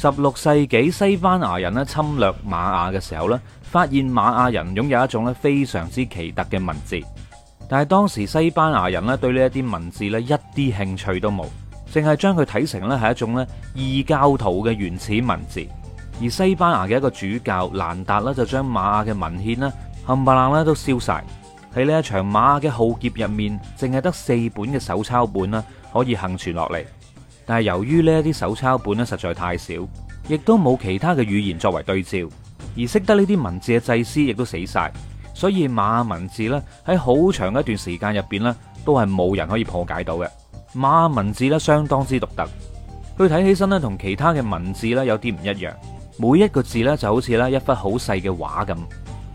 十六世紀西班牙人咧侵略瑪雅嘅時候咧，發現瑪雅人擁有一種咧非常之奇特嘅文字，但係當時西班牙人咧對呢一啲文字咧一啲興趣都冇，淨係將佢睇成咧係一種咧異教徒嘅原始文字。而西班牙嘅一個主教蘭達咧就將瑪雅嘅文獻咧冚唪唥咧都燒晒。喺呢一場瑪雅嘅浩劫入面，淨係得四本嘅手抄本啦可以幸存落嚟。但係由於呢啲手抄本咧實在太少，亦都冇其他嘅語言作為對照，而識得呢啲文字嘅祭司亦都死晒，所以馬文字咧喺好長一段時間入邊咧都係冇人可以破解到嘅。馬文字咧相當之獨特，佢睇起身咧同其他嘅文字咧有啲唔一樣，每一個字咧就好似咧一幅好細嘅畫咁，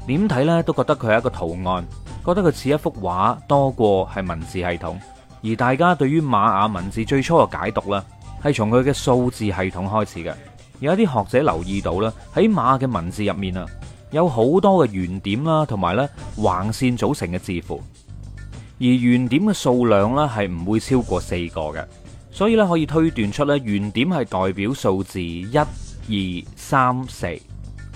點睇咧都覺得佢係一個圖案，覺得佢似一幅畫多過係文字系統。而大家對於瑪雅文字最初嘅解讀呢係從佢嘅數字系統開始嘅。有一啲學者留意到咧，喺瑪雅嘅文字入面啊，有好多嘅圓點啦，同埋咧橫線組成嘅字符。而圓點嘅數量呢，係唔會超過四個嘅，所以咧可以推斷出咧圓點係代表數字一、二、三、四，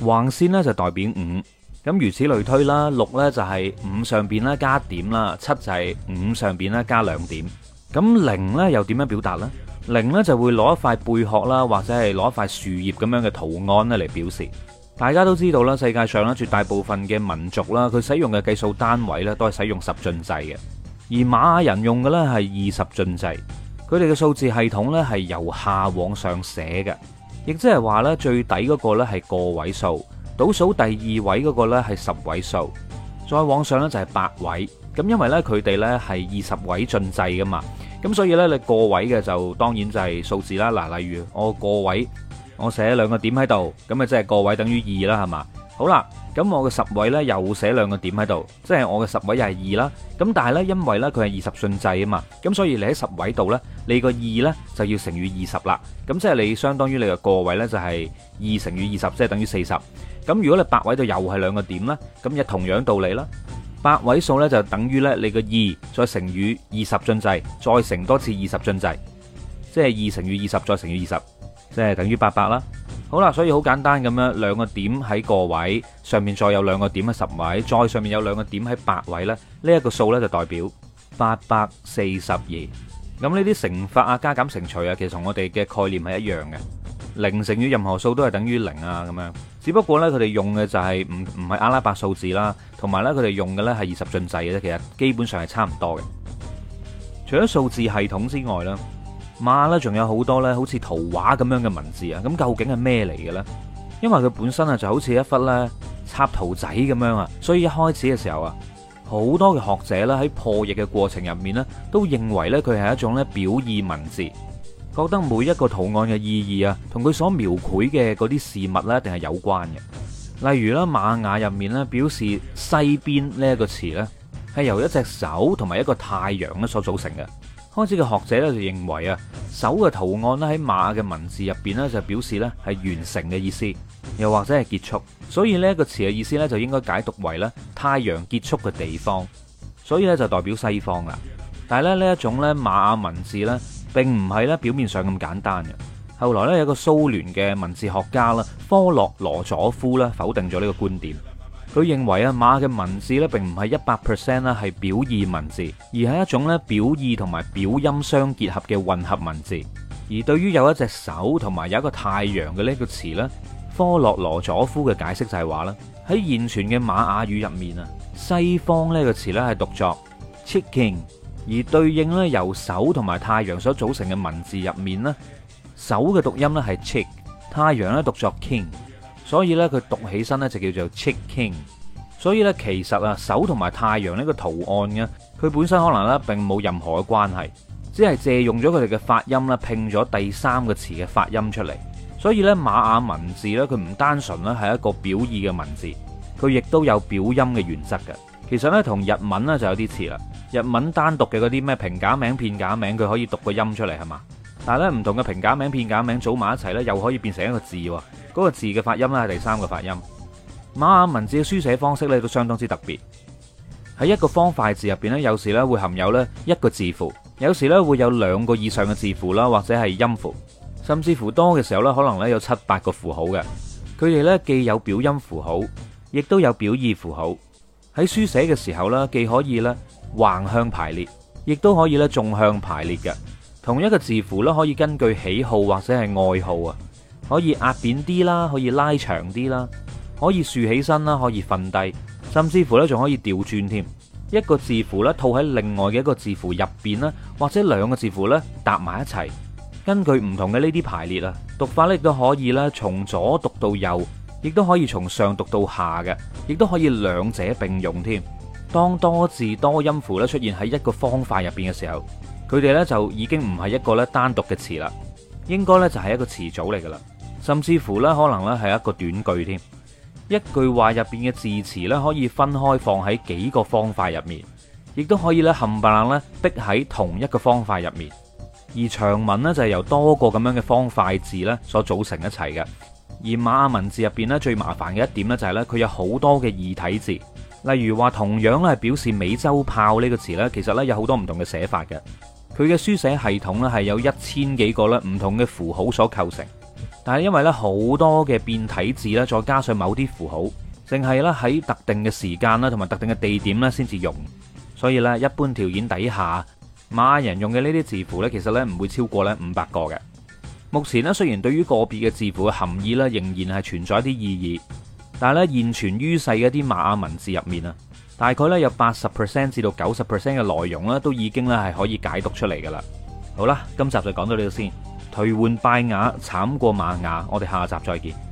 橫線呢就代表五。咁如此類推啦，六呢就係五上邊咧加點啦，七就係五上邊咧加兩點。咁零呢又點樣表達呢？零呢就會攞一塊貝殼啦，或者係攞一塊樹葉咁樣嘅圖案咧嚟表示。大家都知道啦，世界上咧絕大部分嘅民族啦，佢使用嘅計數單位呢都係使用十進制嘅，而瑪雅人用嘅呢係二十進制。佢哋嘅數字系統呢係由下往上寫嘅，亦即係話呢最底嗰個呢係個位數。倒數第二位嗰個咧係十位數，再往上呢就係八位，咁因為呢，佢哋呢係二十位進制噶嘛，咁所以呢，你個位嘅就當然就係數字啦，嗱，例如我個位。我寫兩個點喺度，咁啊即係個位等於二啦，係嘛？好啦，咁我嘅十位呢又寫兩個點喺度，即係我嘅十位又係二啦。咁但係呢，因為呢，佢係二十進制啊嘛，咁所以你喺十位度呢，你個二呢就要乘以二十啦。咁即係你相當於你嘅個位呢就係二乘以二十，即係等於四十。咁如果你百位度又係兩個點呢，咁就同樣道理啦。百位數呢就等於呢，你個二再乘以二十進制，再乘多次二十進制，即係二乘以二十再乘以二十。即係等於八百啦，好啦，所以好簡單咁樣，兩個點喺個位上面，再有兩個點喺十位，再上面有兩個點喺百位咧，呢、這、一個數咧就代表八百四十二。咁呢啲乘法啊、加減乘除啊，其實同我哋嘅概念係一樣嘅。零乘以任何數都係等於零啊，咁樣。只不過呢、就是，佢哋用嘅就係唔唔係阿拉伯數字啦，同埋呢，佢哋用嘅呢係二十進制嘅啫。其實基本上係差唔多嘅。除咗數字系統之外呢。瑪雅仲有好多咧，好似圖畫咁樣嘅文字啊！咁究竟係咩嚟嘅咧？因為佢本身啊就好似一忽咧插圖仔咁樣啊，所以一開始嘅時候啊，好多嘅學者咧喺破譯嘅過程入面咧，都認為咧佢係一種咧表意文字，覺得每一個圖案嘅意義啊，同佢所描繪嘅嗰啲事物咧，一定係有關嘅。例如咧，瑪雅入面咧表示西邊呢一個詞咧，係由一隻手同埋一個太陽咧所組成嘅。開始嘅學者咧就認為啊，手嘅圖案咧喺馬嘅文字入邊咧就表示咧係完成嘅意思，又或者係結束。所以呢個詞嘅意思咧就應該解讀為咧太陽結束嘅地方，所以咧就代表西方啦。但係咧呢一種咧馬雅文字咧並唔係咧表面上咁簡單嘅。後來咧有個蘇聯嘅文字學家啦科洛羅佐夫啦，否定咗呢個觀點。佢認為啊，馬嘅文字咧並唔係一百 percent 啦，係表意文字，而係一種咧表意同埋表音相結合嘅混合文字。而對於有一隻手同埋有一個太陽嘅呢個詞咧，科洛羅佐夫嘅解釋就係話啦，喺現存嘅馬雅語入面啊，西方呢個詞咧係讀作 chik king，而對應咧由手同埋太陽所組成嘅文字入面咧，手嘅讀音咧係 chick，太陽咧讀作 king。所以咧，佢讀起身咧就叫做 cheking。所以咧，其實啊，手同埋太陽呢個圖案嘅，佢本身可能咧並冇任何嘅關係，只係借用咗佢哋嘅發音啦，拼咗第三個詞嘅發音出嚟。所以咧，馬雅文字咧，佢唔單純咧係一個表意嘅文字，佢亦都有表音嘅原則嘅。其實咧，同日文咧就有啲似啦。日文單獨嘅嗰啲咩平假名、片假名，佢可以讀個音出嚟係嘛？但係咧唔同嘅平假名、片假名組埋一齊咧，又可以變成一個字喎。嗰個字嘅發音啦，係第三個發音。瑪雅文字嘅書寫方式咧都相當之特別，喺一個方塊字入邊咧，有時咧會含有咧一個字符，有時咧會有兩個以上嘅字符啦，或者係音符，甚至乎多嘅時候咧，可能咧有七八個符號嘅。佢哋咧既有表音符號，亦都有表意符號。喺書寫嘅時候啦，既可以咧橫向排列，亦都可以咧縱向排列嘅。同一個字符咧，可以根據喜好或者係愛好啊。可以壓扁啲啦，可以拉長啲啦，可以豎起身啦，可以瞓低，甚至乎咧仲可以調轉添。一個字符咧套喺另外嘅一個字符入邊啦，或者兩個字符咧搭埋一齊。根據唔同嘅呢啲排列啊，讀法亦都可以咧從左讀到右，亦都可以從上讀到下嘅，亦都可以兩者並用添。當多字多音符咧出現喺一個方塊入邊嘅時候，佢哋呢就已經唔係一個咧單獨嘅詞啦，應該呢就係一個詞組嚟噶啦。甚至乎咧，可能咧係一個短句添。一句話入邊嘅字詞咧，可以分開放喺幾個方塊入面，亦都可以咧冚唪唥咧逼喺同一個方塊入面。而長文咧就係由多個咁樣嘅方塊字咧所組成一齊嘅。而瑪雅文字入邊咧最麻煩嘅一點咧就係咧佢有好多嘅異體字，例如話同樣咧係表示美洲豹呢個詞咧，其實咧有好多唔同嘅寫法嘅。佢嘅書寫系統咧係有一千幾個咧唔同嘅符號所構成。但係因為咧好多嘅變體字咧，再加上某啲符號，淨係咧喺特定嘅時間啦，同埋特定嘅地點咧先至用，所以咧一般條件底下，瑪雅人用嘅呢啲字符咧，其實咧唔會超過咧五百個嘅。目前咧雖然對於個別嘅字符嘅含義咧，仍然係存在一啲意義，但係咧現存於世嘅一啲瑪雅文字入面啊，大概咧有八十 percent 至到九十 percent 嘅內容咧，都已經咧係可以解讀出嚟㗎啦。好啦，今集就講到呢度先。除換拜牙，慘過瑪雅。我哋下集再見。